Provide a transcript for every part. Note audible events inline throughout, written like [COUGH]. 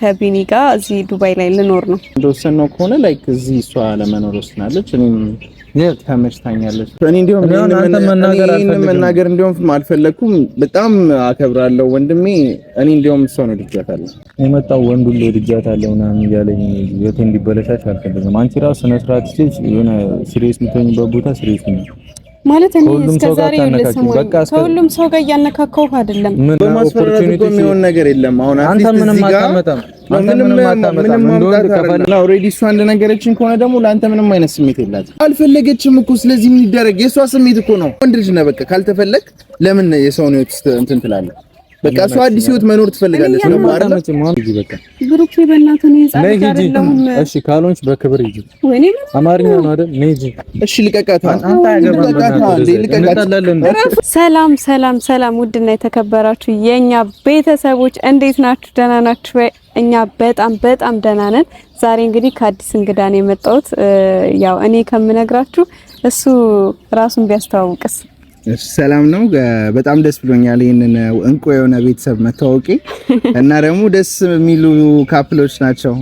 ከቢኒ ጋር እዚህ ዱባይ ላይ ልኖር ነው እንደወሰን ነው ከሆነ ላይክ እዚህ እሷ ለመኖር ወስናለች። እኔም ተመችታኛለች። እኔ እንዲሁም መናገር እንዲሁም አልፈለግኩም። በጣም አከብራለሁ ወንድሜ። እኔ እንዲሁም እሷን ወድጃታለሁ። የመጣው ወንዱ ወድጃታለሁ ምናምን እያለኝ የቱ እንዲበለሻሽ አልፈለግም። አንቺ ራሱ ስነስርዓት ሆነ ስሬስ የምትሆኝበት ቦታ ስሬስ ነው ማለት እኔ እስከ ዛሬ ከሁሉም ሰው ጋር እያነካከው አይደለም። ምን ኦፖርቹኒቲ የሚሆን ነገር የለም። አሁን አንተ ምንም አታመጣም፣ ምንም ምንም እሷ እንደነገረችን ከሆነ ደግሞ ለአንተ ምንም አይነት ስሜት የላት። አልፈለገችም እኮ ስለዚህ ምን ይደረግ? የእሷ ስሜት እኮ ነው። ወንድ ልጅ ነህ በቃ። ካልተፈለግ ለምን የሰውን ህይወት እንትን ትላለህ? በቃ እሷ አዲስ ህይወት መኖር ትፈልጋለች ነው ማለት ነው። በቃ ብሩክ በእናቱ ነው የጻፈው። እሺ ካልሆንሽ በክብር ሂጂ። አማርኛ ነው አይደል? ነጂ እሺ ልቀቃታ። ሰላም ሰላም ሰላም። ውድና የተከበራችሁ የኛ ቤተሰቦች እንዴት ናችሁ? ደህና ናችሁ? እኛ በጣም በጣም ደህና ነን። ዛሬ እንግዲህ ከአዲስ እንግዳ ነው የመጣሁት። ያው እኔ ከምነግራችሁ እሱ ራሱን ቢያስተዋውቅስ ሰላም ነው። በጣም ደስ ብሎኛል ይህንን እንቁ የሆነ ቤተሰብ መታወቂ እና ደግሞ ደስ የሚሉ ካፕሎች ናቸው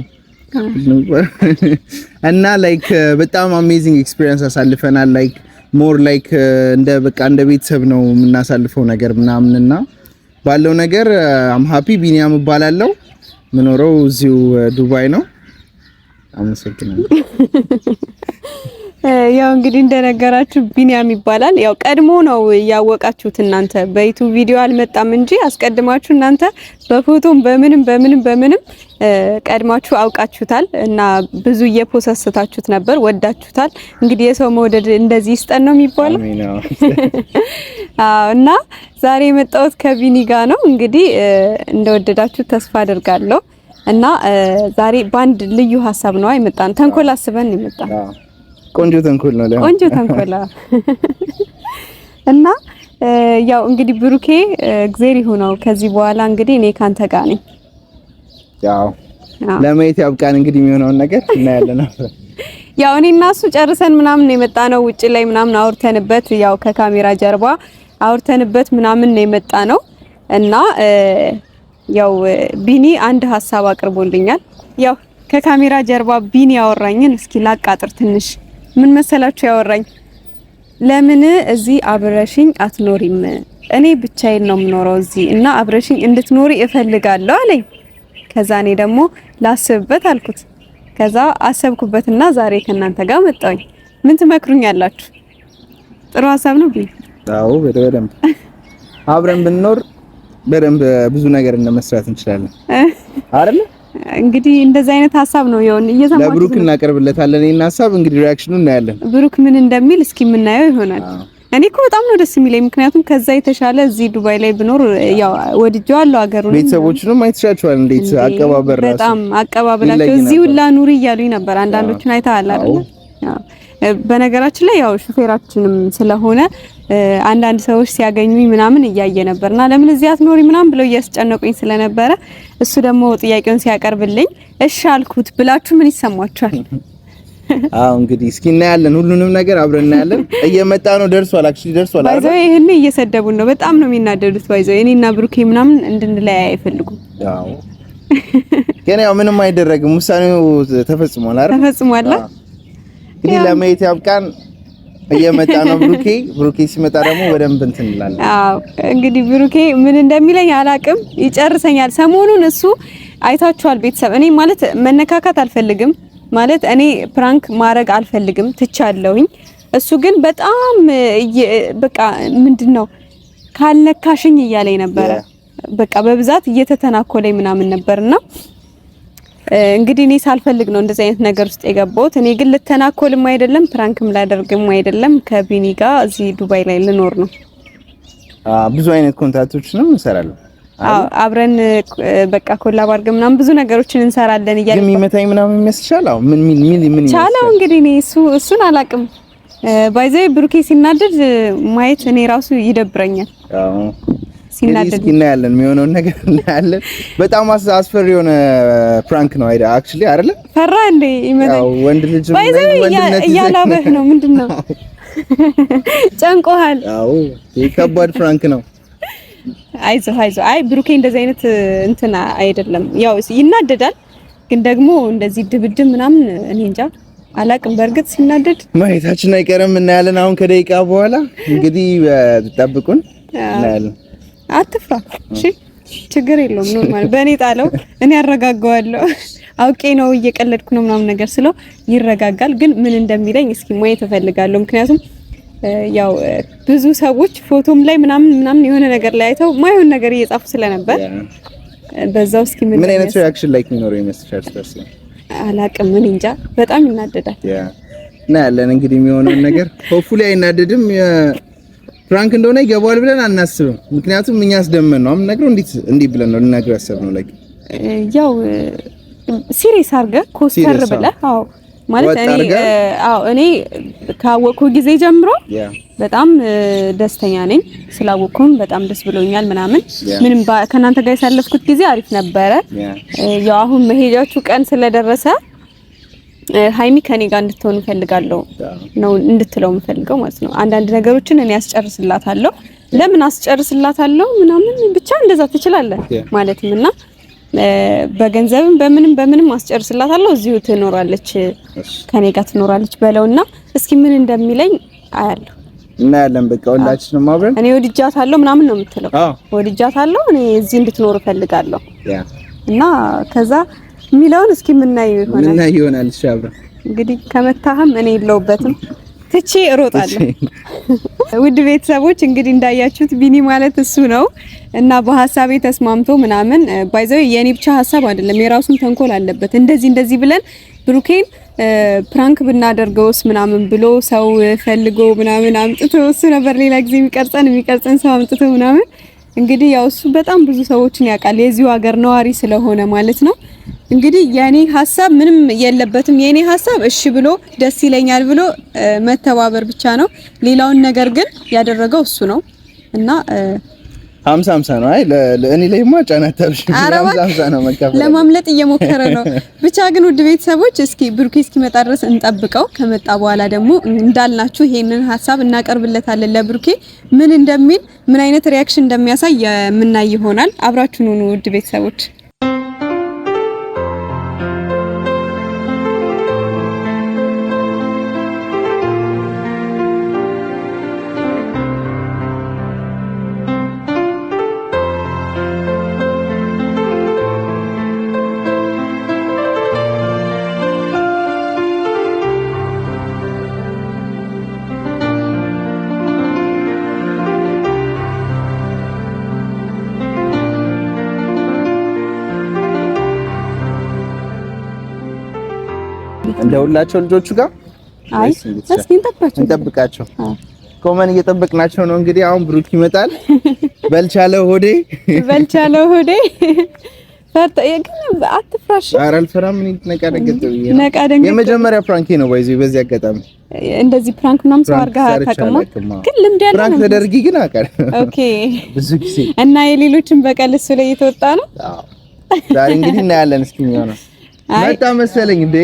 እና ላይክ በጣም አሜዚንግ ኤክስፒሪየንስ አሳልፈናል። ላይክ ሞር ላይክ እንደ በቃ እንደ ቤተሰብ ነው የምናሳልፈው ነገር ምናምን እና ባለው ነገር አም ሃፒ ቢኒያም እባላለሁ። ምኖረው እዚሁ ዱባይ ነው። አመሰግናለሁ። [LAUGHS] ያው እንግዲህ እንደነገራችሁ ቢኒያም ይባላል። ያው ቀድሞ ነው ያወቃችሁት እናንተ በዩቱብ ቪዲዮ አልመጣም እንጂ አስቀድማችሁ እናንተ በፎቶም በምንም በምንም በምንም ቀድማችሁ አውቃችሁታል እና ብዙ እየፖሰስታችሁት ነበር፣ ወዳችሁታል። እንግዲህ የሰው መውደድ እንደዚህ ይስጠን ነው የሚባለው። [LAUGHS] አዎ እና ዛሬ የመጣሁት ከቢኒ ጋር ነው። እንግዲህ እንደወደዳችሁ ተስፋ አድርጋለሁ እና ዛሬ በአንድ ልዩ ሀሳብ ነው የመጣን። ተንኮል አስበን የመጣን ቆንጆ ተንኮል ነው። ቆንጆ ተንኮል [LAUGHS] እና ያው እንግዲህ ብሩኬ እግዜር ይሁነው። ከዚህ በኋላ እንግዲህ እኔ ካንተ ጋር ነኝ። ያው ለማየት ያብቃን እንግዲህ የሚሆነውን ነገር እናያለን። [LAUGHS] ያው እኔ እና እሱ ጨርሰን ምናምን የመጣ ነው ውጪ ላይ ምናምን አውርተንበት ያው ከካሜራ ጀርባ አውርተንበት ምናምን ነው የመጣ ነው እና ያው ቢኒ አንድ ሀሳብ አቅርቦልኛል። ያው ከካሜራ ጀርባ ቢኒ ያወራኝን እስኪ ላቃጥር ትንሽ ምን መሰላችሁ ያወራኝ፣ ለምን እዚህ አብረሽኝ አትኖሪም? እኔ ብቻዬን ነው የምኖረው እዚህ እና አብረሽኝ እንድትኖሪ እፈልጋለሁ አለኝ። ከዛ እኔ ደግሞ ላስብበት አልኩት። ከዛ አሰብኩበትና ዛሬ ከእናንተ ጋር መጣሁኝ። ምን ትመክሩኛላችሁ? ጥሩ ሀሳብ ነው ቢል። አዎ በደንብ አብረን ብንኖር በደንብ ብዙ ነገር መስራት እንችላለን [LAUGHS] አይደል? እንግዲህ እንደዚህ አይነት ሀሳብ ነው ይሁን እየሰማችሁ ለብሩክ እናቀርብለታለን። ይሄን ሀሳብ እንግዲህ ሪአክሽኑን እናያለን። ብሩክ ምን እንደሚል እስኪ የምናየው ይሆናል። እኔ እኮ በጣም ነው ደስ የሚለኝ ምክንያቱም ከዛ የተሻለ እዚህ ዱባይ ላይ ብኖር ያው ወድጄዋለሁ። አገሩን ቤተሰቦቹንም አይተሻቸዋል። እንዴት አቀባበል ራሱ በጣም አቀባበላቸው እዚህ ሁላ ኑሪ እያሉኝ ነበር። አንዳንዶቹን አይተሃል አይደል? በነገራችን ላይ ያው ሹፌራችንም ስለሆነ አንዳንድ ሰዎች ሲያገኙኝ ምናምን እያየ ነበርና ለምን እዚህ አትኖሪ ምናምን ብለው እያስጨነቁኝ ስለነበረ እሱ ደግሞ ጥያቄውን ሲያቀርብልኝ እሺ አልኩት ብላችሁ ምን ይሰማችኋል? [LAUGHS] አዎ እንግዲህ እስኪ እናያለን። ሁሉንም ነገር አብረን እናያለን። እየመጣ ነው፣ ደርሷል። አክቹሊ ደርሷል። አይዞ ይሄን እየሰደቡ ነው፣ በጣም ነው የሚናደዱት። ባይዞ እኔና ብሩኬ ምናምን እንድንለያ አይፈልጉም። አዎ ግን ያው ምንም አይደረግም። ውሳኔው ተፈጽሟል አይደል? ተፈጽሟል። እንግዲህ ለመሄድ ያብቃን። እየመጣ ነው ብሩኬ። ብሩኬ ሲመጣ ደግሞ በደንብ እንትን እንላለን። አዎ እንግዲህ ብሩኬ ምን እንደሚለኝ አላቅም። ይጨርሰኛል። ሰሞኑን እሱ አይታችኋል ቤተሰብ። እኔ ማለት መነካካት አልፈልግም ማለት እኔ ፕራንክ ማድረግ አልፈልግም ትቻለሁኝ። እሱ ግን በጣም በቃ ምንድን ነው ካልነካሽኝ እያለኝ ነበረ። በቃ በብዛት እየተተናኮለኝ ምናምን ነበርና እንግዲህ እኔ ሳልፈልግ ነው እንደዚህ አይነት ነገር ውስጥ የገባሁት። እኔ ግን ልተናኮልም አይደለም ፕራንክም ላደርግም አይደለም። ከቢኒ ጋር እዚህ ዱባይ ላይ ልኖር ነው። ብዙ አይነት ኮንታክቶችንም እንሰራለን። አብረን በቃ ኮላብ አድርገን ምናምን ብዙ ነገሮችን እንሰራለን እያለ ግን የሚመታኝ ምናምን ይመስልሻል? አዎ ምን ምን ምን ምን ቻላው እንግዲህ እኔ እሱ እሱን አላቅም። ባይዘይ ብሩኬ ሲናደድ ማየት እኔ ራሱ ይደብረኛል። አዎ ሲናደድ እናያለን፣ የሚሆነውን ነገር እናያለን። በጣም አስፈሪ የሆነ ፕራንክ ነው አይደ አክቹሊ አይደለ? ፈራ እንዴ ይመጣ ወንድ ልጅ እያላበህ ነው ምንድን ነው [LAUGHS] ጨንቆሃል? አዎ ከባድ ፕራንክ ነው። አይዞ አይዞ። አይ ብሩኬ እንደዚህ አይነት እንትና አይደለም። ያው ይናደዳል፣ ግን ደግሞ እንደዚህ ድብድብ ምናምን እኔ እንጃ አላቅም በእርግጥ ሲናደድ ማየታችን አይቀርም። እናያለን። አሁን ከደቂቃ በኋላ እንግዲህ ጠብቁን፣ እናያለን። አትፍራ። እሺ፣ ችግር የለውም ኖርማል። በእኔ ጣለው፣ እኔ አረጋጋዋለሁ። አውቄ ነው እየቀለድኩ ነው ምናምን ነገር ስለው ይረጋጋል። ግን ምን እንደሚለኝ እስኪ ማየት እፈልጋለሁ። ምክንያቱም ያው ብዙ ሰዎች ፎቶም ላይ ምናምን ምናምን የሆነ ነገር ላይ አይተው ማይሆን ነገር እየጻፉ ስለነበር በዛው እስኪ ምን አይነት ሪአክሽን ላይክ የሚኖረው ይመስልሻል? ስታርስ አላቅም፣ ምን እንጃ፣ በጣም ይናደዳል። ያ እና ያለን እንግዲህ የሚሆነውን ነገር ሆፕፉሊ አይናደድም ፍራንክ እንደሆነ ይገባዋል ብለን አናስብም። ምክንያቱም እኛ አስደመን ነው የምንነግረው። እንዴት እንዴት ብለን ነው ልነግረው ያሰብነው? ላይ ያው ሲሪየስ አድርገህ ኮስተር ብለህ አዎ ማለት እኔ አዎ እኔ ካወቅኩ ጊዜ ጀምሮ በጣም ደስተኛ ነኝ። ስላወቅኩም በጣም ደስ ብሎኛል ምናምን ምንም ከእናንተ ጋር ያሳለፍኩት ጊዜ አሪፍ ነበረ። ያው አሁን መሄጃችሁ ቀን ስለደረሰ ሀይሚ ከኔ ጋር እንድትሆን እፈልጋለሁ ነው እንድትለው የምፈልገው ማለት ነው። አንዳንድ ነገሮችን እኔ አስጨርስላታለሁ። ለምን አስጨርስላታለሁ ምናምን ብቻ እንደዛ ትችላለህ ማለትም እና በገንዘብም በምንም በምንም አስጨርስላታለሁ እዚሁ ትኖራለች ከኔ ጋር ትኖራለች በለውና እስኪ ምን እንደሚለኝ አያለሁ። እናያለን በቃ ሁላችንም አብረን እኔ ወድጃታለሁ ምናምን ነው የምትለው። ወድጃታለሁ እኔ እዚህ እንድትኖር እፈልጋለሁ እና ከዛ የሚለውን እስኪ የምናየው ይሆናል የምናየው ይሆናል። እሺ አብረን እንግዲህ ከመታህም እኔ የለውበትም ትቼ እሮጣለሁ። [LAUGHS] ውድ ቤተሰቦች እንግዲህ እንዳያችሁት ቢኒ ማለት እሱ ነው እና በሀሳቤ ተስማምቶ ምናምን ባይዘው የኔ ብቻ ሀሳብ አይደለም፣ የራሱን ተንኮል አለበት። እንደዚህ እንደዚህ ብለን ብሩኬን ፕራንክ ብናደርገውስ ምናምን ብሎ ሰው ፈልጎ ምናምን አምጥቶ እሱ ነበር ሌላ ጊዜ የሚቀርጸን የሚቀርጸን ሰው አምጥቶ ምናምን እንግዲህ ያው እሱ በጣም ብዙ ሰዎችን ያውቃል የዚሁ ሀገር ነዋሪ ስለሆነ ማለት ነው። እንግዲህ የኔ ሀሳብ ምንም የለበትም። የኔ ሀሳብ እሺ ብሎ ደስ ይለኛል ብሎ መተባበር ብቻ ነው። ሌላውን ነገር ግን ያደረገው እሱ ነው እና ሀምሳ ሀምሳ ነው። አይ እኔ ላይማ ጫና ታብሽ ነው መካፈል ለማምለጥ እየሞከረ ነው። ብቻ ግን ውድ ቤተሰቦች እስኪ ብሩኬ እስኪመጣ ድረስ እንጠብቀው። ከመጣ በኋላ ደግሞ እንዳልናችሁ ይሄንን ሀሳብ እናቀርብለታለን ለብሩኬ ምን እንደሚል ምን አይነት ሪያክሽን እንደሚያሳይ የምናይ ይሆናል። አብራችሁን ሁኑ ውድ ቤተሰቦች። ናቸው ልጆቹ ጋር? አይ እስኪ እንጠብቃቸው። እንጠብቃቸው። ቆመን እየጠበቅናቸው ነው። እንግዲህ አሁን ብሩክ ይመጣል። [LAUGHS] በልቻለሁ ሆዴ፣ በልቻለሁ ሆዴ። ፈርተ ግን አትፍራሽ። ኧረ አልፈራም። እኔ ነቃ ደንገጥ የመጀመሪያ ፕራንኬ ነው ባይዚ። በዚህ አጋጣሚ እንደዚህ ፕራንክ ምናምን ሰው አድርጋ ታቀማ ግን ልምድ ያለው ፕራንክ ተደርጊ ግን አቀር ኦኬ፣ ብዙ ጊዜ እና የሌሎችን በቀል እሱ ላይ እየተወጣ ነው። ዛሬ እንግዲህ እናያለን። እስኪ የሚሆነው መጣ መሰለኝ እንዴ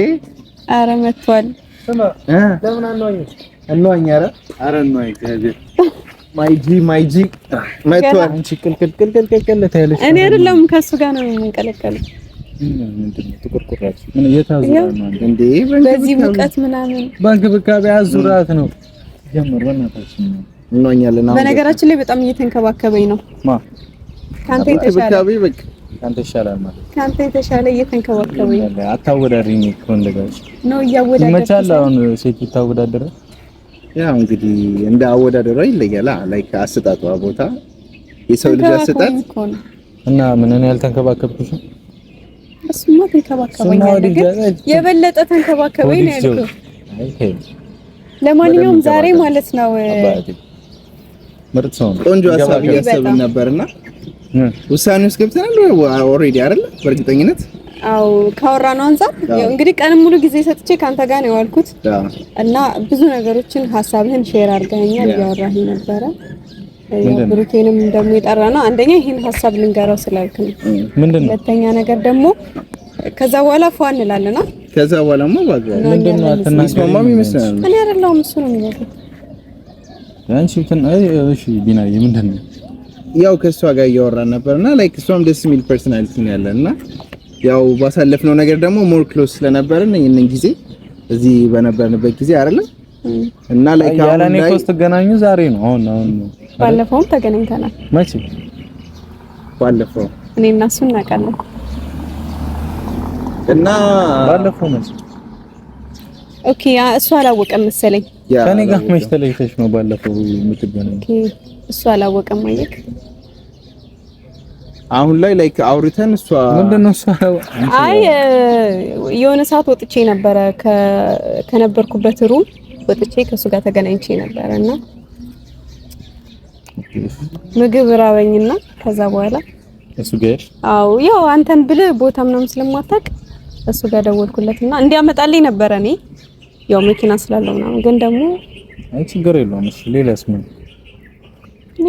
አረ መቷል። እኔ ከሱ ጋር ነው የምንቀለቀለው። በዚህ ሙቀት ምናምን በእንክብካቤ አዙራት ነው ነው በነገራችን ላይ በጣም እየተንከባከበኝ ነው ከአንተ የተሻለ ከአንተ ይሻላል ማለት ከአንተ የተሻለ እየተንከባከበኝ አታወዳድሪኝ እኮ እንደጋሽ ነው እያወዳደረ ይመቻል። አሁን ሴት ይታወዳደረ ያው እንግዲህ እንደ አወዳደሯ ይለያል። ላይክ አሰጣጧ ቦታ የሰው ልጅ አሰጣጥ እና ምን ምንን ያልተንከባከብኩሽ እሱማ ተንከባከበኛል፣ ግን የበለጠ ተንከባከበኝ ነው ያልኩ። ለማንኛውም ዛሬ ማለት ነው ምርጥ ሰው ቆንጆ ሀሳብ እያሰብን ነበርና ውሳኔ ውስጥ ገብተናል ኦልሬዲ አይደለ? በእርግጠኝነት አው ካወራ ነው አንፃር እንግዲህ ቀን ሙሉ ጊዜ ሰጥቼ ካንተ ጋር ነው የዋልኩት እና ብዙ ነገሮችን ሀሳብህን ሼር አድርገኸኛል፣ እያወራህ ነበረ። ብሩኬንም ደግሞ የጠራ ነው አንደኛ ይህን ሀሳብ ልንገራው ስላልክ ነው። ሁለተኛ ነገር ደግሞ ከዛ በኋላ ፏ እንላለና ከዛ በኋላማ ባግባው ምንድነው አትናስማማም ይመስላል። እኔ አይደለሁም እሱ ነው የሚያደርገው። አንቺ እንትን አይ እሺ ቢናዬ ምንድነው ያው ከእሷ ጋር እያወራን ነበርና ላይክ እሷም ደስ የሚል ፐርሰናሊቲ ነው ያለና ያው ባሳለፍነው ነገር ደግሞ ሞር ክሎዝ ስለነበርን ይሄንን ጊዜ እዚህ በነበርንበት ጊዜ አይደለም እና ላይክ አሁን ላይ ያለኔ ስትገናኙ ዛሬ ነው። አሁን አሁን ነው። ባለፈውም ተገናኝተናል። መቼ ባለፈው እኔ እና እሱ እናውቃለን እና ባለፈው መቼ ኦኬ፣ እሱ አላወቀም መሰለኝ። ከኔ ጋር መች ተለይተሽ ነው ባለፈው የምትገናኝ? ኦኬ፣ እሱ አላወቀም። አየክ፣ አሁን ላይ ላይክ አውርተን እሷ ምንድነው እሷ አይ የሆነ ሰዓት ወጥቼ ነበረ ከነበርኩበት ሩም ወጥቼ ከእሱ ጋር ተገናኝቼ ነበረ እና ምግብ ራበኝና ከዛ በኋላ እሱ ጋር አው ያው አንተን ብለ ቦታ ምናምን ስለማታውቅ እሱ ጋር ደወልኩለትና እንዲያመጣልኝ ነበረ እኔ ያው መኪና ስላለው ምናምን ግን ደግሞ አይ ችግር የለውም። እሺ ሌላስ ምን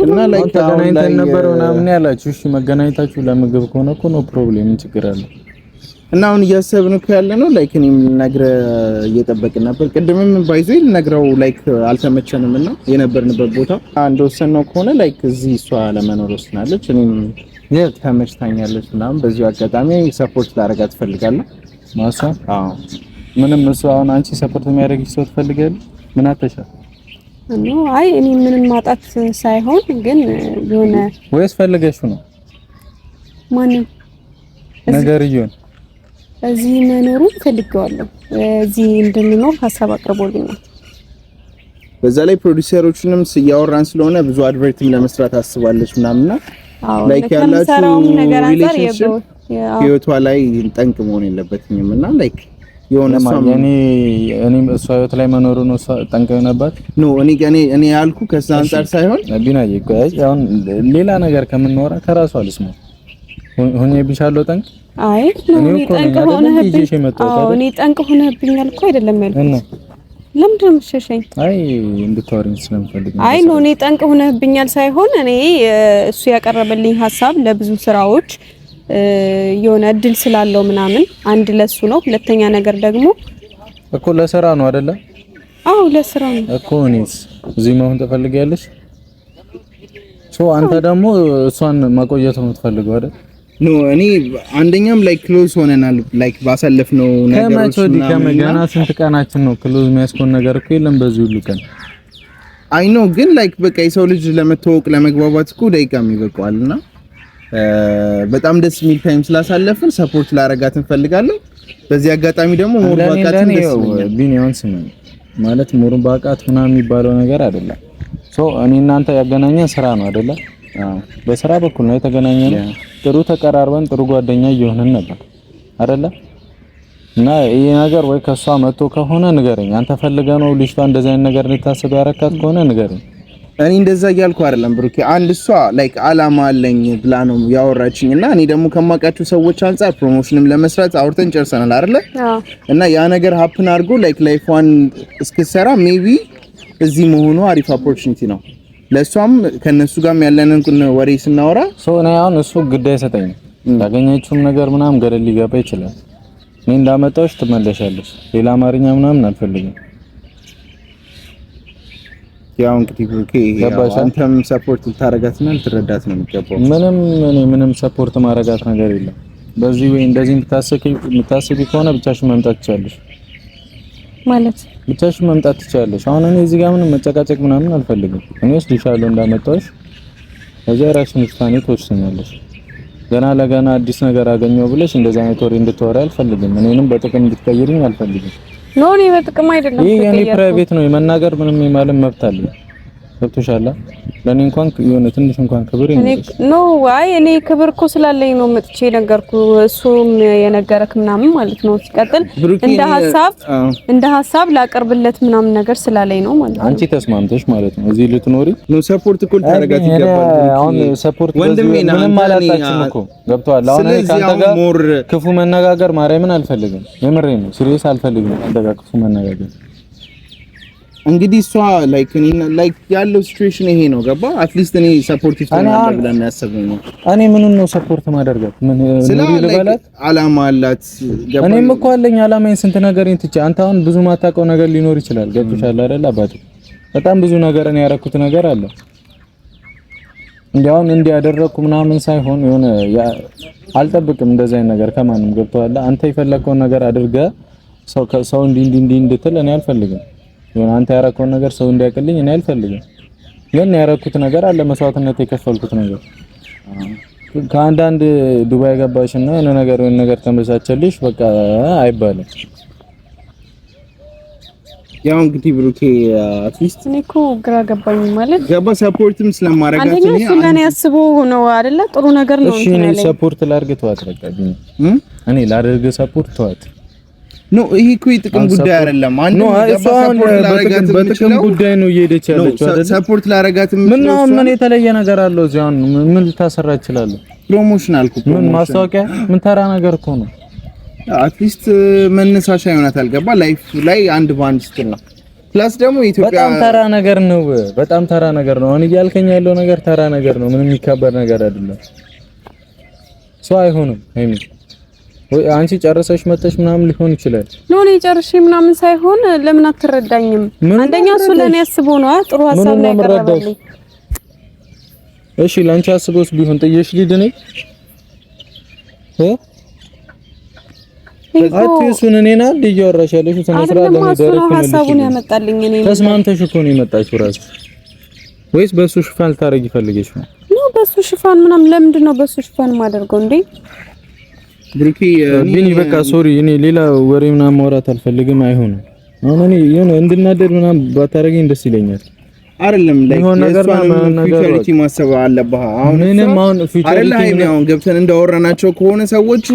እና ላይ ተገናኝተን ነበር uh, ምናምን ያላችሁ እሺ፣ መገናኘታችሁ ለምግብ ከሆነ እኮ ነው ፕሮብሌም፣ ችግር አለ እና አሁን እያሰብን እኮ ያለ ነው ላይክ እኔም ልነግረህ እየጠበቅን ነበር። ቅድምም ባይዞ ልነግረው ላይክ አልተመቸንም እና የነበርንበት ቦታ አንድ ወሰን ነው ከሆነ ላይክ እዚህ እሷ ለመኖር ወስናለች፣ እኔም ተመችታኛለች ምናምን። በዚሁ አጋጣሚ ሰፖርት ላደርጋት እፈልጋለሁ ማሳ አዎ ምንም እሱ አሁን አንቺ ሰፖርት የሚያደርግሽ ሰው ትፈልጋለሽ? ምን አተሻል? አይ እኔ ምንም ማጣት ሳይሆን ግን የሆነ ወይስ ፈልገሽው ነው? ማንም ነገር ይሁን እዚህ መኖሩ ፈልጌዋለሁ። እዚህ እንድንኖር ሀሳብ አቅርቦልኛል። በዛ ላይ ፕሮዲውሰሮችንም እያወራን ስለሆነ ብዙ አድቨርትም ለመስራት አስባለች አዎ ላይክ ያላችሁ ሪሌሽንሽፕ ህይወቷ ላይ ጠንቅ መሆን የለበትም እና ላይክ የሆነ ማለት እኔ እኔም እሷ ህይወት ላይ መኖሩ ነው ጠንቀቅ ነበር። ኖ እኔ እኔ እኔ ያልኩ ከዛ አንጻር ሳይሆን ቢናዬ ቆይ፣ አሁን ሌላ ነገር ከምናወራ ከራሱ ልስማ ሆኜ ብሻለሁ ጠንቅ አይ ነው ጠንቅ ሆነህብኝ። አዎ እኔ ጠንቅ ሆነህብኛል እኮ አይደለም ያልኩት። ለምንድን ነው የምትሸሸኝ? አይ እንድታወሪኝ ስለምፈልግ። አይ ነው እኔ ጠንቅ ሆነህብኛል ሳይሆን እኔ እሱ ያቀረበልኝ ሀሳብ ለብዙ ስራዎች የሆነ እድል ስላለው ምናምን አንድ ለሱ ነው። ሁለተኛ ነገር ደግሞ እኮ ለስራ ነው አይደለ? አው ለስራ ነው እኮ። እኔስ እዚህ መሆን ትፈልጊያለሽ? ሶ አንተ ደግሞ እሷን ማቆየት ነው የምትፈልገው አይደል? ኖ እኔ አንደኛም ላይክ ክሎዝ ሆነናል። ላይክ ባሳለፍነው ነገሮች ምናምን ገና ስንት ቀናችን ነው? ክሎዝ የሚያስኮን ነገር እኮ የለም በዚህ ሁሉ ቀን አይ ኖ ግን ላይክ በቃ የሰው ልጅ ለመተዋወቅ ለመግባባት እኮ ደቂቃም ይበቃዋልና በጣም ደስ የሚል ታይም ስላሳለፍን ሰፖርት ላረጋት እንፈልጋለን። በዚህ አጋጣሚ ደግሞ ሞርባቃትን ደስ ቢኒዮን ስም ማለት ሞርባቃት ሁና የሚባለው ነገር አይደለም። ሶ እኔ እናንተ ያገናኘን ስራ ነው አይደለ? በስራ በኩል ነው የተገናኘ ነው። ጥሩ ተቀራርበን ጥሩ ጓደኛ እየሆንን ነበር አይደለ? እና ይሄ ነገር ወይ ከሷ መጥቶ ከሆነ ንገረኝ። አንተ ፈልገ ነው ልጅቷ እንደዚህ አይነት ነገር ልታስብ ያረካት ከሆነ ንገረኝ። እኔ እንደዛ እያልኩ አይደለም ብሩኬ። አንድ እሷ ላይክ አላማ አለኝ ብላ ነው ያወራችኝ እና እኔ ደግሞ ከማውቃቸው ሰዎች አንጻር ፕሮሞሽንም ለመስራት አውርተን ጨርሰናል አይደለ? እና ያ ነገር ሀፕን አድርጎ ላይክ ላይፏን እስክሰራ ሜቢ እዚህ መሆኑ አሪፍ ኦፖርቹኒቲ ነው ለእሷም ከነሱ ጋርም ያለንን ወሬ ስናወራ ሶ እኔ አሁን እሱ ግዳይ ሰጠኝ ያገኘችውም ነገር ምናምን ገደል ሊገባ ይችላል። እኔ እንዳመጣሁሽ ትመለሻለሽ። ሌላ አማርኛ ምናምን አልፈልግም። ያው እንግዲህ ብሩኬ አንተም ሰፖርት ልታረጋትና ልትረዳት ነው የሚገባው። ምንም እኔ ምንም ሰፖርት ማረጋት ነገር የለም። በዚህ ወይ እንደዚህ የምታስቢ ከሆነ ብቻሽን መምጣት ትችላለሽ ማለት ብቻሽን መምጣት ትችላለሽ። አሁን እኔ እዚህ ጋር ምንም መጨቃጨቅ ምናምን አልፈልግም። እኔ ወስድሻለሁ እንዳመጣሁሽ ከዚያ የራስሽን ውሳኔ ትወስኛለሽ። ገና ለገና አዲስ ነገር አገኘው ብለሽ እንደዚህ አይነት ወሬ እንድትወሪ አልፈልግም። እኔንም በጥቅም እንድትቀይርኝ አልፈልግም። ኖ እኔ በጥቅም አይደለም። ይሄ የኔ ፕራይቬት ነው። የመናገር ምንም የማለም መብት አለ ገብቶሻል። ለኔ እንኳን የሆነ ትንሽ እንኳን ክብር ኖ አይ እኔ ክብር እኮ ስላለኝ ነው መጥቼ ነገርኩ። እሱም የነገረክ ምናምን ማለት ነው። ሲቀጥል እንደ ሀሳብ እንደ ሀሳብ ላቀርብለት ምናምን ነገር ስላለኝ ነው ማለት ነው። አንቺ ተስማምተሽ ማለት ነው እዚህ ልትኖሪ ነው። ሰፖርት እኮ ልታረጋት ይገባል። አሁን ሰፖርት ምንም አላጣችም እኮ ገብቷል። አሁን እኔ ካንተ ጋር ክፉ መነጋገር ማርያምን አልፈልግም። የምሬን ነው። ሲሪየስ አልፈልግም ካንተ ጋር ክፉ መነጋገር እንግዲህ እሷ ላይክ እኔ ላይክ ያለው ሲቹዌሽን ይሄ ነው። ገባ አትሊስት እኔ ሰፖርት ትሆናለህ ብለን ያሰብን ነው። እኔ ምን ነው ሰፖርት ማደርጋት? ምን ልበላት? አላማ አላት። ገባ እኔም እኮ አለኝ አላማዬን። ስንት ነገር እንትጭ አንተ አሁን ብዙ ማታውቀው ነገር ሊኖር ይችላል። ገብቶሻል አይደል? አባቴ በጣም ብዙ ነገር እኔ ያረኩት ነገር አለ። እንዲያውን እንዲያደረኩ ምናምን ሳይሆን የሆነ አልጠብቅም እንደዚህ አይነት ነገር ከማንም ገብቶሃል። አንተ የፈለግከውን ነገር አድርገህ ሰው ሰው እንዲህ እንዲህ እንዲህ እንድትል እኔ አልፈልግም። የሆነ አንተ ያረከውን ነገር ሰው እንዲያውቅልኝ እኔ አልፈልግም። ግን ያረኩት ነገር አለ፣ መስዋዕትነት የከፈልኩት ነገር ከአንዳንድ ዱባይ ገባሽና የሆነ ነገር ወይ ነገር ተመሳቸልሽ በቃ አይባልም። ያው እንግዲህ ብሩኬ አትሊስት እኔ እኮ ግራ ገባኝ። ማለት ገባ ሰፖርትም ስለማረጋት እኔ እሱ ለኔ አስቦ ነው አይደለ? ጥሩ ነገር ነው። እሺ ሰፖርት ላድርግ ተዋት፣ በቃ እኔ ላድርግ ሰፖርት ተዋት ኖ ይሄ እኮ የጥቅም ጉዳይ አይደለም። አንድ አንዱ በጥቅም ጉዳይ ነው እየሄደች ያለችው አይደል? ሰፖርት ላረጋት ምን ነው ምን የተለየ ነገር አለው? እዚህ ምን ልታሰራ ይችላል? ፕሮሞሽን አልኩ። ምን ማስታወቂያ፣ ምን ተራ ነገር እኮ ነው። አትሊስት uh, መነሳሻ ይሆናታል። አልገባ ላይፍ ላይ አንድ ባንድ ስትል ነው። ፕላስ ደግሞ ኢትዮጵያ በጣም ተራ ነገር ነው። በጣም ተራ ነገር ነው። አሁን እያልከኝ ያለው ነገር ተራ ነገር ነው። ምንም የሚከበር ነገር አይደለም። ሰው አይሆንም አይሚል ወይ አንቺ ጨርሰሽ መጥተሽ ምናምን ሊሆን ይችላል። ኖ እኔ ጨርሼ ምናምን ሳይሆን ለምን አትረዳኝም? አንደኛ እሱ ለኔ አስቦ ነው ጥሩ ሀሳብ ላይ ያቀረበልኝ። እሺ ለአንቺ አስቦስ ቢሆን ጥየሽ ልሂድ እኔ እ አትዩሱን እኔና እንደ እያወራሽ ያለሽው ተነስራ ለመደረክ ነው ሀሳቡን ያመጣልኝ እኔ ተስማምተሽ እኮ ነው የመጣችው ራሱ ወይስ በሱ ሽፋን ልታረጊ ፈልገሽ ነው? ኖ በሱ ሽፋን ምናምን ለምንድን ነው በሱ ሽፋን የማደርገው እንዴ? ቢኒ በቃ ሶሪ፣ እኔ ሌላ ወሬ ምናምን ማውራት አልፈልግም። አይሆንም። አሁን እኔ የሆነ እንድናደድ ምናምን ባታረገኝ ደስ ይለኛል። አይደለም ላይክ ፊውቸሪቲ ማሰብ አለብህ። አሁን ምንም አሁን ፊውቸሪቲ አሁን ገብተን እንዳወራናቸው ከሆነ ሰዎቹ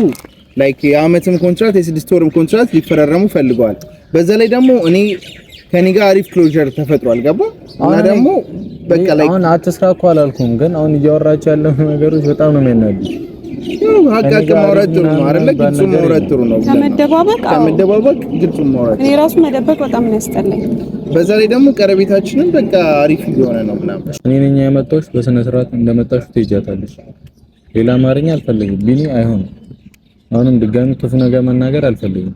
ላይክ የአመትም ኮንትራት የስድስት ወርም ኮንትራት ሊፈራረሙ ፈልገዋል። በዛ ላይ ደግሞ እኔ ከኔ ጋር አሪፍ ክሎዥር ተፈጥሯል። ገባ እና ደግሞ በቃ ላይክ አሁን አትስራ እኮ አላልኩም፣ ግን አሁን እያወራችሁ ያለው ነገሮች በጣም ነው የሚያናድድ ሀቅ ማውራት ጥሩ ነው አይደለ? ግልጽ ማውራት ጥሩ ነው። ከመደባበቅ ከመደባበቅ ግልጽ ማውራት እኔ ራሱ መደበቅ በጣም ነው ያስጠላኝ። በዛ ላይ ደግሞ ቀረቤታችንን በቃ አሪፍ እየሆነ ነው ምናምን። እኔ ነኝ ያመጣሁሽ። በስነ ስርዓት እንደመጣሽ ትሄጃታለሽ። ሌላ አማርኛ አልፈልግም። ቢኒ አይሆንም። አሁንም ድጋሚ ክፉ ነገር መናገር አልፈልግም።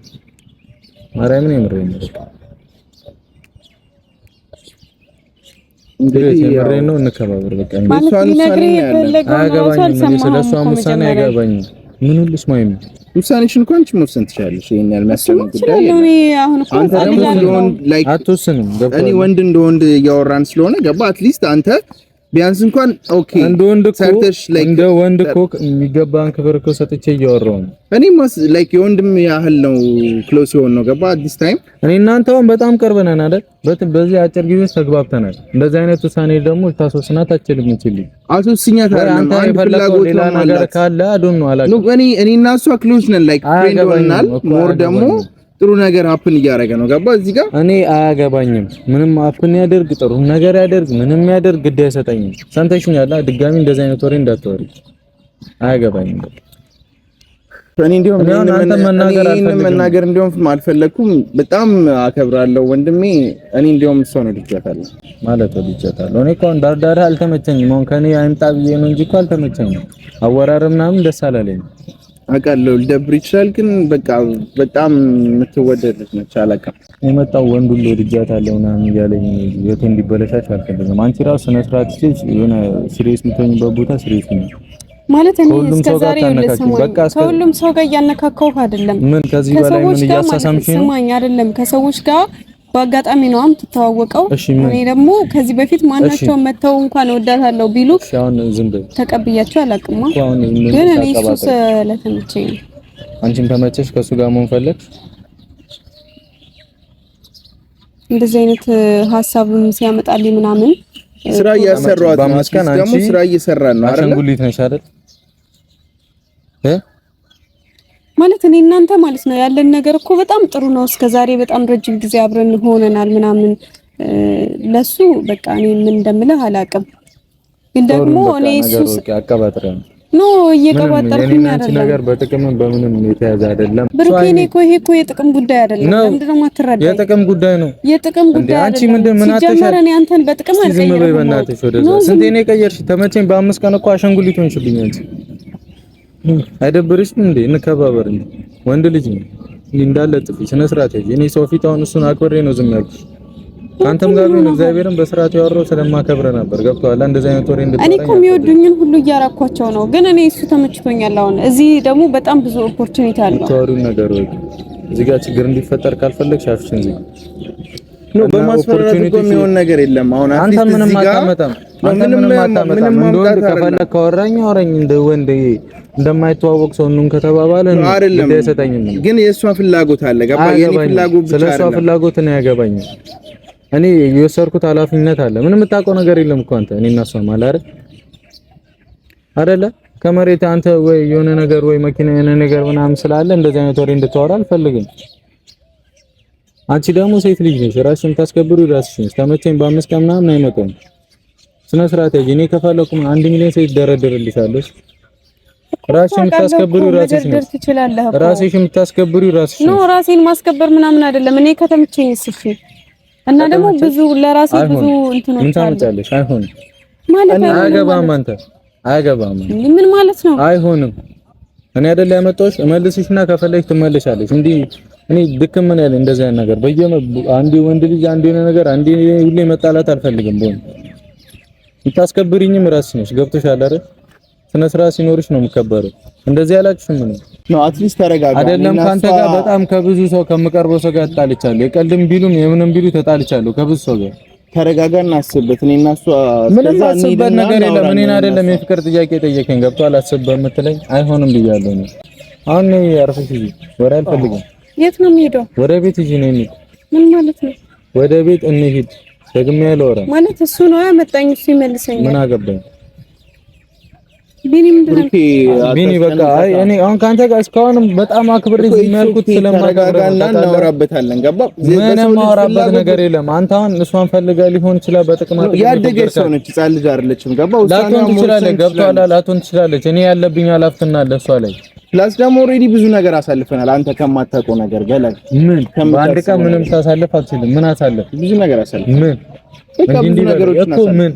ማርያምን የምሬን ነው። ውሳኔሽን እንኳን አንቺ መወሰን ትችላለሽ። ይሄን ያልመሰለኝ ጉዳይ አንተ ደግሞ ወንድ እንደወንድ እያወራን ስለሆነ ገባ አትሊስት አንተ ቢያንስ እንኳን ኦኬ እንደ ወንድ እኮ እንደ ወንድ እኮ የሚገባን ክብር እኮ ሰጥቼ እያወራሁ ነው። እኔ ማስ ላይክ የወንድም ያህል ነው ክሎስ የሆን ነው ገባ አዲስ ታይም እኔ እናንተውን በጣም ቀርበናን አይደል? በት በዚህ አጭር ጊዜ ውስጥ ተግባብተናል። እንደዚህ አይነት ውሳኔ ደግሞ ልታስወስናት አትችልም። እንችል አስወስኛት አለ አንተ የፈለገው ሌላ ነገር ካለ አዱን ነው አላውቅም። እኔ እኔ እና እሷ ክሎስ ነን ላይክ ፍሬንድ ሆነናል ሞር ደግሞ ጥሩ ነገር አፕን እያደረገ ነው። ገባ እዚህ ጋር እኔ አያገባኝም። ምንም አፕን ያደርግ ጥሩ ነገር ያደርግ ምንም ያደርግ ግድ አይሰጠኝም። ሰምተሽኛል። ድጋሚ እንደዚህ አይነት ወሬ እንዳታወሪ። አያገባኝም። እኔ እንዲሁም መናገር እንዲሁም አልፈለኩም። በጣም አከብራለሁ ወንድሜ። እኔ እንዲሁም እሷ ነው ልጃታለሁ ማለት ነው ልጃታለሁ። እኔ እኮ አሁን ዳርዳር አልተመቸኝም። አሁን ከኔ አይምጣ ብዬ ነው እንጂ እኮ አልተመቸኝም። አወራር ምናምን ደስ አላለኝም። አውቃለሁ ልደብር ይችላል፣ ግን በቃ በጣም የምትወደድ ነች። አላውቅም የመጣው ወንዱ ልወድጃታለሁ ምናምን እያለኝ የቱ እንዲበለሻሽ አልፈልግም። አንቺ ራሱ ስነ ስርዓት ይችላል የሆነ ሲሪየስ የምትሆኝበት ቦታ ሲሪየስ ነው ማለት እኔ እስከ ዛሬ ከሁሉም ሰው ጋር እያነካከውህ አይደለም። ምን ከዚህ በላይ ምን እያሳሳምሽ ነው? አይደለም ከሰዎች ጋር በአጋጣሚ ነው የምትተዋወቀው። እኔ ደግሞ ከዚህ በፊት ማናቸው መተው እንኳን ወዳታለሁ ቢሉ ተቀብያቸው አላውቅም። ግን እኔ እሱ ስለተመቸኝ ነው። አንቺም ተመቸሽ፣ ከሱ ጋር መሆን ፈለግሽ። እንደዚህ አይነት ሀሳብም ሲያመጣልኝ ምናምን ስራ እያሰራሁት ነው። ስራ እየሰራን ነው። አሸንጉሊት ነሽ አይደል እህ ማለት እኔ እናንተ ማለት ነው ያለን ነገር እኮ በጣም ጥሩ ነው። እስከዛሬ በጣም ረጅም ጊዜ አብረን ሆነናል ምናምን ለሱ በቃ እኔ ምን እንደምልህ አላውቅም። ግን ደግሞ እኔ እሱ አቀባጥረ ኖ እየቀባጠርኩኝ አይደለም። ነገር በጥቅም በምንም የተያዘ አይደለም። ብሩኬ እኔ እኮ ይሄ እኮ የጥቅም ጉዳይ አይደለም። ለምንድን ነው የማትረዳኝ? የጥቅም ጉዳይ ነው። የጥቅም ጉዳይ አንቺ ምንድን አይደለም። ሲጀመር እኔ አንተን በጥቅም አልቀየርኩም። ዝም በይ በእናትሽ። ወደዛ ስንቴ ነው የቀየርሽ? ተመቼኝ። በአምስት ቀን እኮ አሸንጉሊት ሆንሽብኝ አንቺ አይደብርሽ እንዴ? እንከባበር። ወንድ ልጅ ነው እንዳለ ጥፊ ስነ ስርዓት ያዥ። እኔ ሰው ፊት አሁን እሱን አክብሬ ነው ዝም ያልኩሽ። አንተም ጋር ቢሆን እግዚአብሔርን በስርዓት ያወራው ስለማከብረ ነበር። ገብቶሃል? እንደዚህ አይነት ወሬ እንደዚህ እኔ እኮ የሚወዱኝን ሁሉ እያራኳቸው ነው፣ ግን እኔ እሱ ተመችቶኛል። አሁን እዚህ ደግሞ በጣም ብዙ ኦፖርቹኒቲ አለው። ታወሩ ነገር ወይ እዚህ ጋር ችግር እንዲፈጠር ካልፈለግሽ አፍሽን ዝግ ነው በማስፈራራት እኮ የሚሆን ነገር የለም። አሁን አንተ ምንም አታመጣም፣ ምንም ከፈለክ ካወራኝ አውራኝ፣ እንደ ወንድ እንደማይተዋወቅ ሰው ከተባባለ ነው አይደለም። ግን የእሷ ፍላጎት አለ። ገባ? የኔ ፍላጎት ብቻ ስለሷ ፍላጎት ነው ያገባኝ። እኔ የወሰድኩት ኃላፊነት አለ። ምንም የምታውቀው ነገር የለም እኮ አንተ። እኔ እና እሷ ማለት አይደለ ከመሬት አንተ ወይ የሆነ ነገር ወይ መኪና የሆነ ነገር ምናምን ስላለ እንደዚህ አይነት ወሬ እንድታወራ አልፈልግም። አንቺ ደግሞ ሴት ልጅ ነሽ፣ ራስሽን ታስከብሩ ራስሽን ነሽ። ተመቸኝ በአምስት ቀን ምናምን አይመጣም። ስነ ስርዓት ያጂ እኔ ከፈለኩ አንድ ሚሊዮን ሴት ደረደርልሻለሁ። ራስሽን የምታስከብሩ ራስሽ ነሽ። ራስሽን የምታስከብሩ ራስሽን ነሽ። ራሴን ማስከበር ምናምን አይደለም። እኔ ከተመቸኝ ስፊ እና ደግሞ ብዙ ለራሴ ብዙ እንትኖች ምን ታመጫለሽ? አይሆንም ማለት ነው። አያገባም። አንተ አያገባም ምን ማለት ነው? አይሆንም። እኔ አይደለ ያመጣሁሽ እመልስሽና ከፈለግሽ ትመለሻለሽ እንዲህ እኔ ድክም ምን ያለ እንደዚህ አይነት ነገር በየመ አንዴ ወንድ ልጅ አንዴ የሆነ ነገር አንዴ ሁሌ መጣላት አልፈልግም። በሆነ የምታስከብሪኝም ራስ ነሽ። ገብቶሻል አይደል? ስነ ስርዓት ሲኖርሽ ነው የምከበረው። እንደዚህ ያላችሁ ምን ነው። አትሊስት ተረጋጋ። አይደለም ካንተ ጋር በጣም ከብዙ ሰው ከምቀርበው ሰው ጋር ተጣልቻለሁ። የቀልድም ቢሉም የምንም ቢሉ ተጣልቻለሁ ከብዙ ሰው ጋር። ተረጋጋ፣ እናስብበት። እኔ እና እሱ ምንም አስብበት ነገር የለም። እኔን አይደለም የፍቅር ጥያቄ ጠየቀኝ። ገብቶሃል? አስብበት የምትለኝ አይሆንም ብያለሁ አሁን። ነው ያርፈሽ ወሬ አልፈልግም የት ነው የሚሄደው? ወደ ቤት ይዤ ነው የሚሄድ። ምን ማለት ነው? ወደ ቤት እንሂድ። ደግሜ አላወራም ማለት እሱ ነው ያመጣኝ፣ እሱ ይመልሰኛል። ምን አገባኝ? ቢኒ በቃ አይ እኔ አሁን ካንተ ጋር እስካሁንም በጣም አክብሬ ዝም ስለማጋጋና ስለማጋጋልና እናወራበታለን። ገባ ምንም የማወራበት ነገር የለም። አንተ አሁን እሷን ፈልጋ ሊሆን ይችላል። በጥቅማ ያደገች ሰው ነች፣ ህጻን ልጅ አይደለችም። ገባ ላትሆን ትችላለች። ገብቷል ላትሆን ትችላለች። እኔ ያለብኝ ኃላፊነት አለ እሷ ላይ ፕላስ ደግሞ ኦልሬዲ ብዙ ነገር አሳልፈናል። አንተ ከማታውቀው ነገር ገለግ ምን በአንድ ቀን ምንም ሳሳልፍ አትችልም። ምን አሳልፍ ብዙ ነገር አሳልፍ ምን በቃ ብዙ ነገሮች እኮ ምን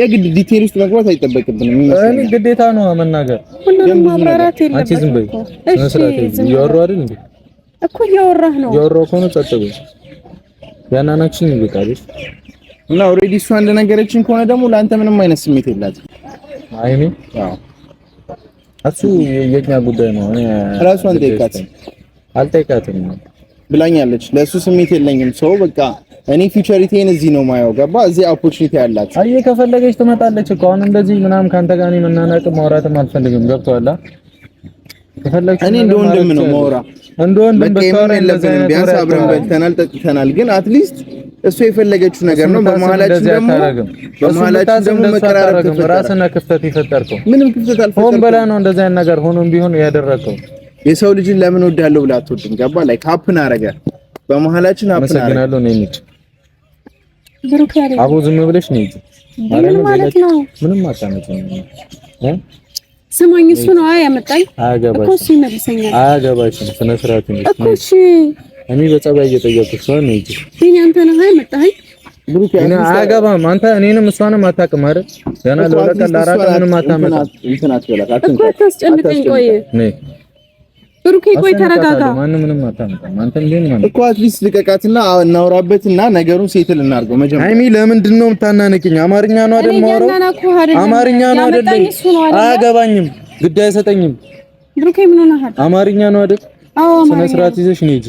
የግድ ዲቴል ውስጥ መግባት አይጠበቅብንም። እኔ ግዴታ ነው መናገር ሁሉንም ማብራራት የለም። አንቺ ዝም በይ። መስራት እያወራሁ አይደል እንዴ? እኮ እያወራህ ነው። እያወራሁ ከሆነ ጸጥ በይ። ያናናችን ይበቃል። እና ኦልሬዲ እሱ አንድ ነገረችን ከሆነ ደግሞ ለአንተ ምንም አይነት ስሜት የላትም። አይኔ አዎ እሱ የኛ ጉዳይ ነው። ራሷን ጠይቃት። አልጠይቃትም ብላኛለች። ለእሱ ስሜት የለኝም። ሰው በቃ እኔ ፊውቸሪቴን እዚህ ነው ማየው። ገባ እዚህ ኦፖርቹኒቲ አላት። አየህ ከፈለገች ትመጣለች እኮ አሁን እንደዚህ ምናምን ካንተ ጋር እኔ መናናቅም ማውራትም አልፈልግም። ገብቶሃል? ከፈለገች እኔ እንደ ወንድም ነው ማውራ እንደ ወንድም በቃ የለብንም። ቢያንስ አብረን በልተናል፣ ጠጥተናል። ግን አትሊስት እሱ የፈለገችው ነገር ነው። በመሀላችን ደግሞ በመሀላችን ደግሞ መቀራረብ ክፍተት ራስና ክፍተት ይፈጠርከው ምንም ክፍተት አልፈጠርከው። ሆን በላ ነው እንደዛ አይነት ነገር ሆኖም ቢሆን ያደረከው። የሰው ልጅን ለምን ወዳለው ብላ አትወድም። ገባ ላይ ካፕን አረገ በመሀላችን አፕን አረገ። አረጋለሁ ነው እንጂ ብሩክ ያለ አቦ ዝም ብለሽ ነው እንጂ ምንም ማለት ነው። ምንም አታመጭ ነው። ስማኝ እሱ ነው አያመጣኝ እኮ እሱ ይመልሰኛል። አያገባሽም። ስነ ስርዓት እኮ እሺ እኔ በጸባይ እየጠየቅኩሽ ነው። እንጂ እኔ አንተ ነህ የመጣኸኝ። እኔ አያገባም። አንተ እኔንም እሷንም አታውቅም አይደል? ገና ለወለቀ ለአራት ምንም አታመጣም። ቆይ ብሩኬ፣ ቆይ ተረጋጋ። ማንም ምንም አታመጣም። አንተም ማለት እኮ አትሊስት ልቀቃትና እናውራበትና ነገሩን ሴትል እናድርገው። መጀመሪያ አይሚ፣ ለምንድን ነው የምታናንቅኝ? አማርኛ ነው አይደል የማወራው? አማርኛ ነው አይደል? አያገባኝም፣ ግድ አይሰጠኝም። ብሩኬ፣ ምን ሆነሃል? አማርኛ ነው አይደል? ስነ ስርዓት ይዘሽ ነይ እንጂ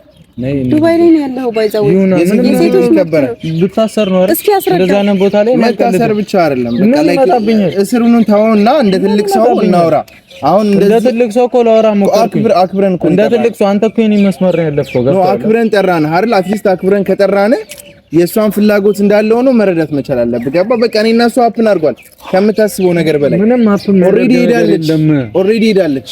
ዱባይ ላይ ነው ያለው። ባይዛው የሴቶች ነው እስኪ አስረዳ። ቦታ ላይ መታሰር ብቻ አይደለም፣ በቃ ላይ እስሩን ታውና እንደ ትልቅ ሰው እናውራ። አሁን እንደ ትልቅ ሰው እኮ ላውራ ሞከርኩኝ። አክብረን እኮ እንደ ትልቅ ሰው አንተ እኮ የኔ መስመር ነው ያለፍከው። ገባ አክብረን ጠራን አይደል? አትሊስት አክብረን ከጠራን የእሷን ፍላጎት እንዳለ ሆኖ መረዳት መቻል አለብህ። ገባ በቃ እኔና እሷ ሀፕን አድርጓል ከምታስበው ነገር በላይ ምንም ሀፕን ኦልሬዲ ሄዳለች።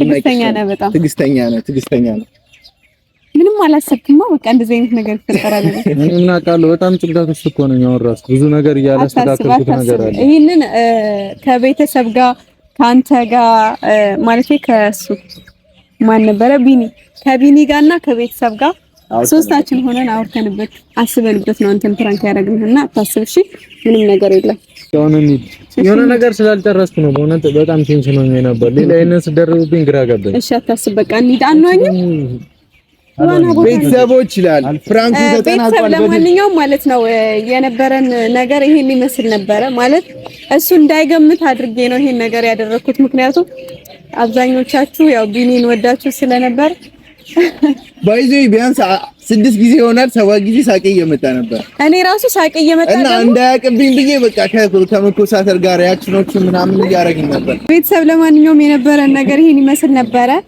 ነህ፣ ነህ፣ ምንም አላሰብክማ። በቃ እንደዚህ አይነት ነገር ይፈጠራል። [LAUGHS] አውቃለሁ። በጣም ጭንቀት ውስጥ እኮ ነኝ አሁን። እራሱ ብዙ ነገር እያላስተካከልኩት ነገር አለ። ይሄንን ከቤተሰብ ጋር ከአንተ ጋር ከእሱ ማን ነበረ ቢኒ ከቢኒ ከቤተሰብ ጋር ሶስታችን ሆነን አውርተንበት አስበንበት ነው አንተን ፕራንክ ያደረግንህና አታስብ። እሺ ምንም ነገር የለም። የሆነ ነገር ስላልጨረስኩ ነው። በእውነት በጣም ቴንሽን ሆኜ ነበር። ሌላ ይሄንን ግራ ገባኝ። እሺ አታስብ፣ በቃ እንሂድ። አንዋኝም ቤተሰቦች ይላል ፍራንኩ ለማንኛውም ማለት ነው የነበረን ነገር ይሄን ይመስል ነበረ። ማለት እሱ እንዳይገምት አድርጌ ነው ይሄን ነገር ያደረኩት። ምክንያቱም አብዛኞቻችሁ ያው ቢኒን ወዳችሁ ስለነበር ባይዘይ ቢያንስ ስድስት ጊዜ ይሆናል ሰባት ጊዜ ሳቄ እየመጣ ነበር። እኔ ራሱ ሳቄ እየመጣ እና እንዳያቅብኝ ብዬ በቃ ከመኮሳተር ጋር ያክሽኖቹ ምናምን እያደረግን ነበር። ቤተሰብ ለማንኛውም የነበረን ነገር ይሄን ይመስል ነበረ።